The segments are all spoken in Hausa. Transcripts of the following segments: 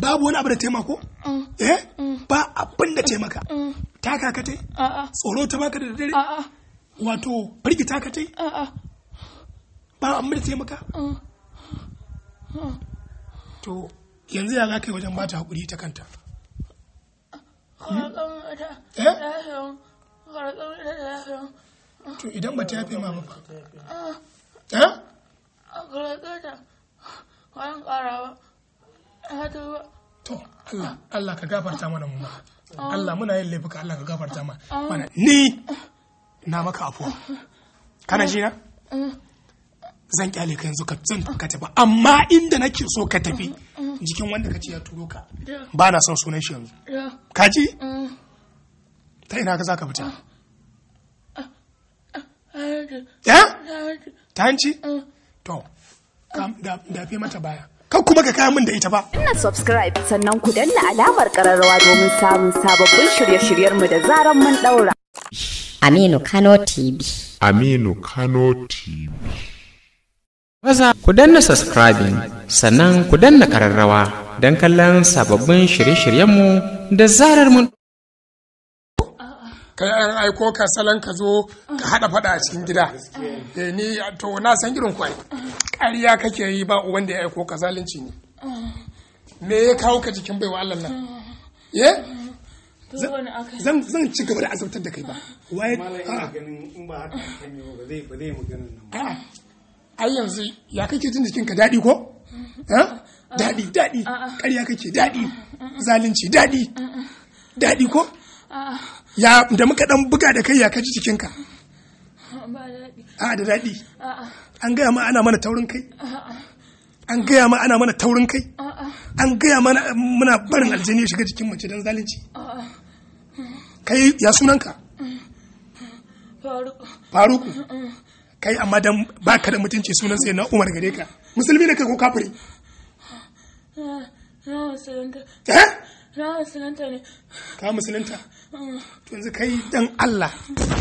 babu wani abu da taimako mm. eh mm. ba abin da taimaka mm. ta kaka tai tsoro ta baka da dare wato firgita ka tai ba abin da taimaka to yanzu ya za wajen ba ta haƙuri hmm? eh? ta kanta to idan ba ta yafe ma ba ah. eh? ba eh? Allah Allah ka gafarta mana mu Allah muna yin laifuka Allah ka gafarta mana ni na maka afuwa kana ji na zan kyale ka yanzu ka zan ka tafi amma inda nake so ka tafi jikin wanda ka ce ya turo ka ba na son sunan shi yanzu ka ji mm. ta ina ka za ka fita ya ah. ah. ah. eh? ta hanci to da fi mata baya kan kuma ka kaya min da ita ba. Ina subscribe sannan ku danna alamar kararrawa domin samun sababbin shirye-shiryenmu da zaran mun daura. Aminu Kano TV. Aminu Kano TV. Maza ku danna subscribing sannan ku danna kararrawa don kallon sababbin shirye-shiryenmu da zarar mun ka an aiko ka salon ka zo ka haɗa faɗa a cikin gida eh, ni to na san irin kwai ƙarya kake yi ba uban da ya aiko ka zalunci ne me ya kawo ka jikin baiwa Allah nan eh? eh? ye zan zan ci gaba da azabtar da kai ba waye ba ai yanzu ya kake jin jikinka daɗi ko daɗi daɗi ƙarya kake daɗi zalunci daɗi daɗi ko ya da muka dan buga da kai ya kaji jikinka a da daɗi an gaya ma ana mana taurin kai an gaya ma ana mana taurin kai an gaya mana muna barin aljani ya shiga jikin mace don zalunci kai ya sunanka faruku kai amma dan baka da mutunci sunan sai na umar gare ka musulmi ne kai ko kafiri na musulunta ne ka musulunta yanzu kai dan Allah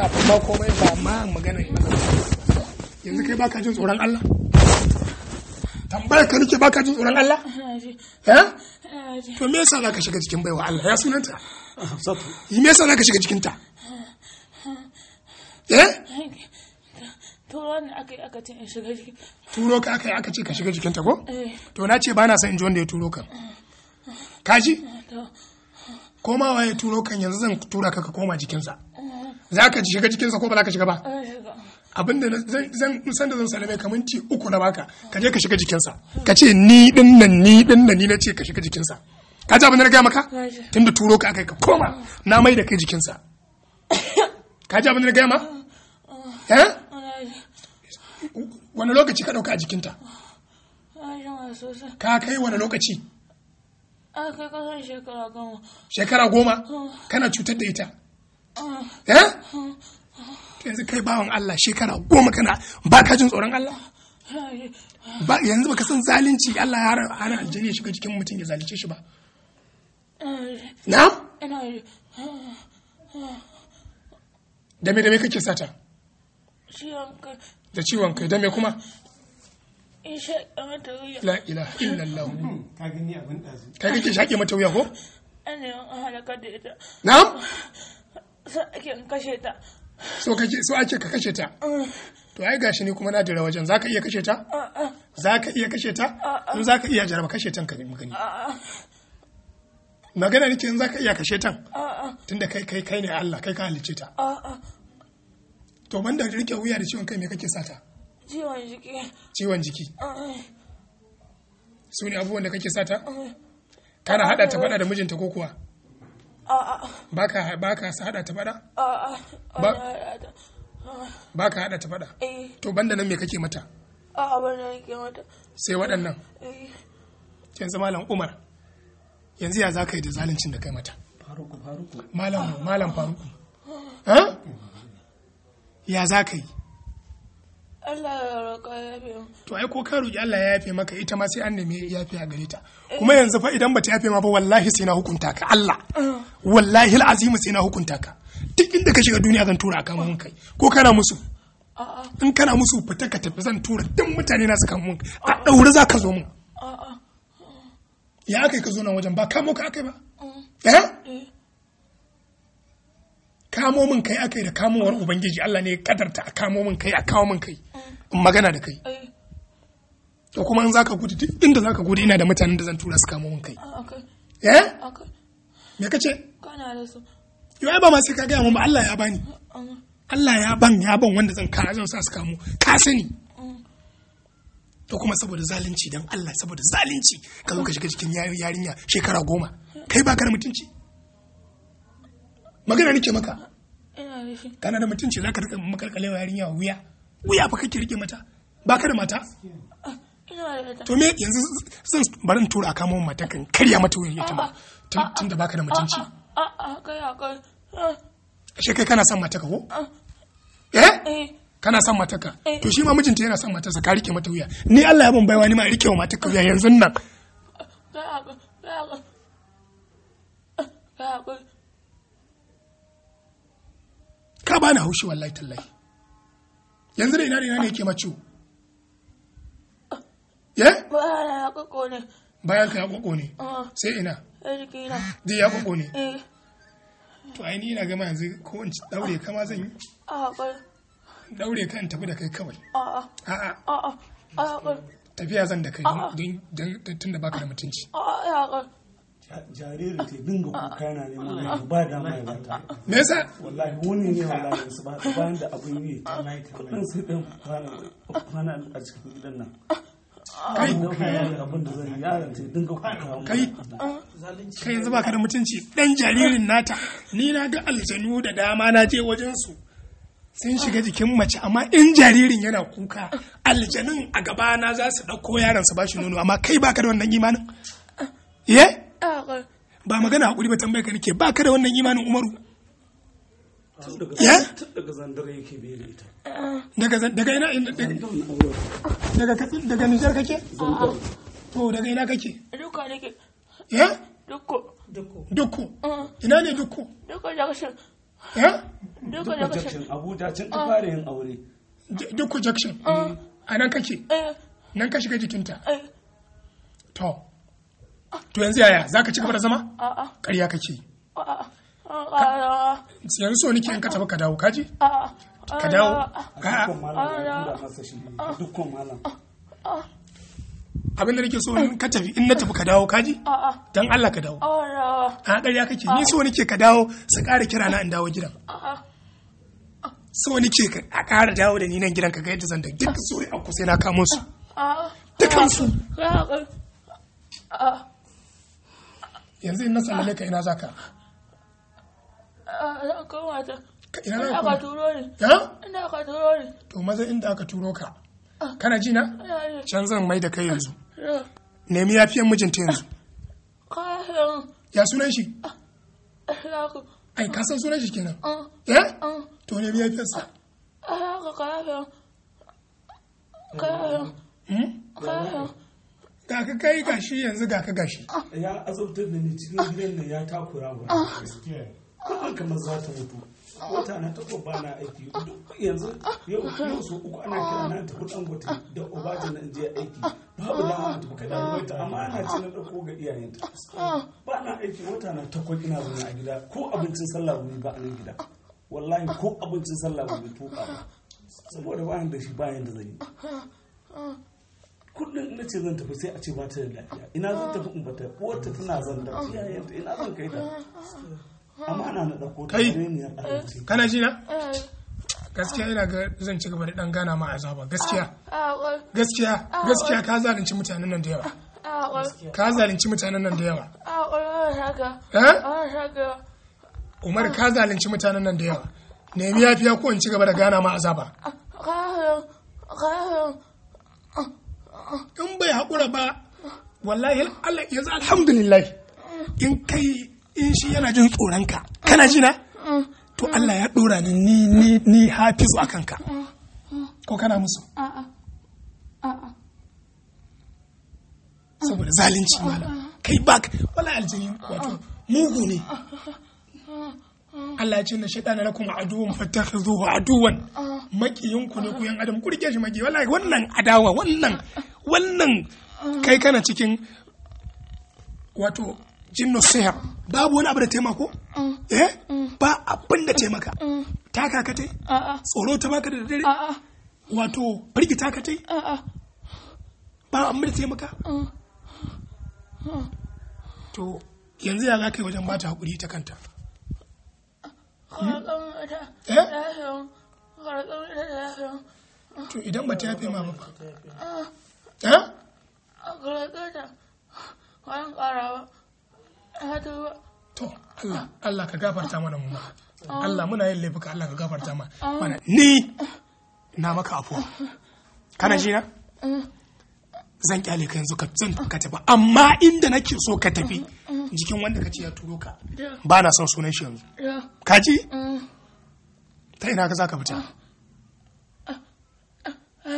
kafin ba komai ba ma magana ne yanzu kai baka jin tsoron Allah tambayar ka nake baka jin tsoron Allah Ha? to me yasa zaka shiga cikin baiwa Allah ya sunanta yi me yasa zaka shiga cikin ta eh turo ne aka yi aka ce in shiga jikin turo ka aka yi aka ce ka shiga jikinta ko eh. to na ce ba na san in ji wanda ya turo ka kaji komawa ya turo kan yanzu zan tura ka ka koma jikinsa za ka shiga jikinsa ko ba za ka shiga ba abinda zan san da zan salame ka minti uku na baka ka je ka shiga jikinsa ka ce ni din nan ni din nan ni na ce ka shiga jikinsa ka ji abin da na gaya maka tunda turo ka akai ka koma na mai da kai jikinsa ka ji abin da na gaya ma eh? wani lokaci ka dauka a jikinta ka kai wani lokaci shekara goma ah. kana cutar da ita ah. Eh? Ah. yanzu kai bawan Allah shekara goma kana ba ka jin tsoron Allah ba yanzu baka san zalunci Allah ya hana aljani ya shiga cikin mutum ya zalunce shi ba eh. na Dame-dame kake sata da ciwon kai dame kuma in la ilaha illallah hmm, ka gani shaƙe mata wuya ko na. so ake in kashe ta so ake ka kashe ta mm. to ai gashi ne kuma na jira wajen ka iya kashe ta za ka iya kashe ta in ka iya jaraba kashe tan ka ne magani ah, ah. magana ke in ka iya kashe tan ah, tunda kai kai kai ne Allah kai ka halicce ta to banda rike wuya da ciwon kai me kake sata ciwon jiki ciwon jiki eh. su ne abubuwan da kake sata eh. kana hada ta fada da mijinta ko kuwa baka baka sa hada ta fada baka hada ta eh. fada to banda nan me kake mata mata sai waɗannan yanzu malam umar yanzu ya za ka yi da zaluncin da kai mata malam malam faruku ah. ya za ka yi to ai ko ka roƙi Allah ya yafe maka ita ma sai an nemi yafe a gare ta eh. kuma yanzu fa idan bata yafe ma ba wallahi sai na hukunta ka Allah ah. wallahi alazim sai na hukunta ka duk inda ka shiga duniya zan tura ka mun kai ko kana musu in kana musu fita ka tafi zan tura duk mutane na su kan mun a daure za ka zo mun ya aka yi ka zo nan wajen ba kamo ka akai ba mm. eh, eh. kamo min kai akai da kamowar ubangiji Allah ne ya kadarta a kamo min kai a kawo min kai in magana da kai to kuma in zaka gudu duk inda zaka gudu ina da mutanen da zan tura su kamo min kai ah, eh me kace kana da su yau ba ma sai ka gaya mun ba Allah ya bani ah, ah. Allah ya ban ya ban wanda zan ka zan sa su kamo ka sani mm. to kuma saboda zalunci dan Allah saboda zalunci ka zo ka shiga cikin yarinya shekara goma kai ba ka da mutunci magana nake maka kana da mutunci za ka rika makalkalewa yarinya wuya wuya fa kake rike mata ba ka da mata ah, to me yanzu zan barin tura a wa mata kan karya mata wuyan ita ma tun ah, ah, da baka da mutunci a kai kana son mataka ko eh? eh kana son ka eh. to shi ma mijinta yana son matarsa ka rike mata wuya ni Allah ya ban baiwa ni ma rike wa ka wuya yanzu nan ka bani haushi wallahi tallahi yanzu da ina da ina ne yake maciwo ya bayan ka ya koko ne ah. sai ina da ya koko ne eh. to ai ni ina gama yanzu ko in daure kama zan yi daure ka in tafi da kai kawai a'a tafiya zan da kai don tun da baka da mutunci jariri dinga kuka yana me yasa mutunci dan jaririn nata ni na ga aljanu da dama na je wajen su sun shiga jikin mace amma in jaririn yana kuka aljanun a gabana za su ɗauko yaron su ba nono amma kai baka da wannan imanin ye eh? ba magana hakuri ba tambayar ka nake baka ka da wannan imanin umaru daga ina daga nijar kake ya duko duko uh-huh. ina ne duko ya duko jackson uh-huh. uh-huh. a nan kake nan ka shiga jikinta to to yanzu yaya za ka ci gaba da zama ƙarya kake yi yanzu so nike in ka tafi ka dawo ka ji ka dawo abin da nake so in ka tafi in na tafi ka dawo kaji? dan Allah ka dawo a ƙarya kake ni so nike ka dawo su ƙara kira na in dawo gidan so nike ka a ƙara dawo da ni nan gidan ka ga yadda zan da duk so a kusa na kamo su dukansu yanzu in na sallame ka ina zaka kawata ah, ah, ina na ka turo ne ya ina ka turo ne to maza inda aka turo ka ah. kana ji na can zan mai da kai yanzu nemi yafiyan mijinta yanzu ya sunan shi ai ka san sunan shi kenan ya to nemi yafiyarsa kafin ga ka kai gashi yanzu ga ka gashi ah. ya azabtar da ni cikin ah. gidan nan ya takura wa ah. kuma kamar za ta mutu wata na ta ba na aiki yanzu yau su uku ana kira na tafi dangote da obajin na je aiki babu da ma tafi kada wata amma ana ce na ɗauko ga iyayenta ba na aiki wata na takwai ina zuwa a gida ko abincin sallah wuri ba a nan gida wallahi ko abincin sallah wuri to ba saboda bayan da shi bayan da zan yi kullum na ce zan tafi sai a ce ba ta da lafiya ina zan tafi in bata wata tana zan da iyayenta oh, ina zan kai ta oh, amma ana na dauko ta ne kana ji na eh. gaskiya ina ga zan ci gaba da dan gana ma azaba gaskiya ah, ah, gaskiya ah, gaskiya ka zalunci mutanen nan da yawa ka zalunci mutanen nan da yawa Umar ka zalunci mutanen nan da yawa nemi yafiya ko in ci gaba da gana ma azaba ba wallahi Allah yanzu alhamdulillah in kai in shi yana jin tsoron ka kana ji na to Allah ya dora ni ni ni hafizu akan ka ko kana musu saboda zalunci malam kai bak wala aljini wato mugu ne Allah ya ce na shaitana lakum aduwwan fattakhizuhu aduwwan makiyin ku ne ku yan adam ku rike shi maki wallahi wannan adawa wannan wannan kai kana cikin wato jinnu sihir babu wani abu da taimako mm. eh mm. ba abin da taimaka mm. ta ka tsoro ta baka da dare wato birgi ta tai ba abin da taimaka to yanzu ya za ka yi wajen bata haƙuri ta kanta eh? to idan ba ta yafe ma ba eh? a gulaƙe wani ƙarawa ya tuba to Allah Allah ka gafarta mana mu Allah muna yin laifuka Allah ka gafarta mana ni na maka afuwa kana ji na zan kyale ka yanzu zan ka tafi amma inda nake so ka tafi jikin wanda ka ce ya turo ka ba na son sunan shi yanzu ka ji mm. ta ina ka za ka fita ah. Ah. Ah.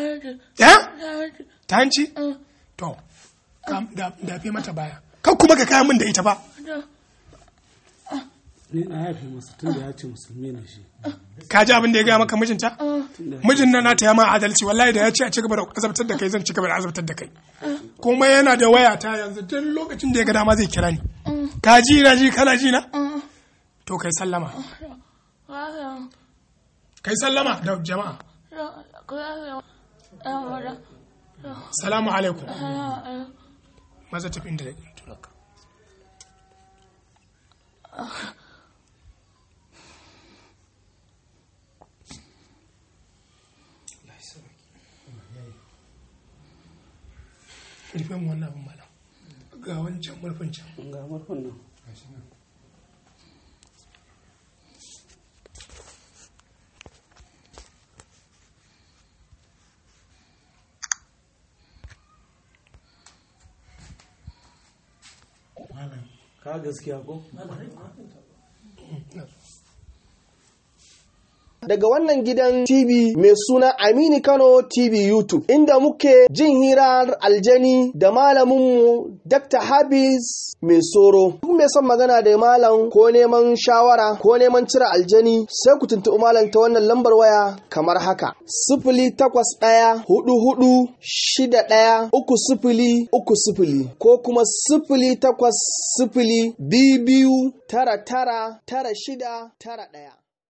ya ta hanci mm. to oh. da fi mata baya kan kuma ka kaya min da ita ba ni na haife masu tun da ya ce musulmi ne shi ka ji abin da ya gaya maka mijinta oh. mijin na nata ya ma adalci wallahi da ya ce a ci gaba da azabtar da kai zan ci gaba da azabtar da kai oh. kuma yana da waya ta yanzu tun lokacin da ya ga dama zai kira ni ka ji na ji kana ji na to kai sallama um. kai sallama da jama'a um, salamu alaikum ah, ah. maza tafi inda da wannan abin malam ga wancan murfin can ga murfin nan कहा गज की daga wannan gidan TV mai suna Aminu Kano TV YouTube inda muke jin hirar aljani da malaminmu Dr. Habis mai soro. Duk mai son magana da malam ko neman shawara ko neman cire aljani sai ku tuntuɓi malam ta wannan lambar waya kamar haka. Sifili takwas ɗaya hudu hudu shida ɗaya uku sifili uku sifili ko kuma sifili takwas sifili biyu biyu tara tara tara shida tara ɗaya.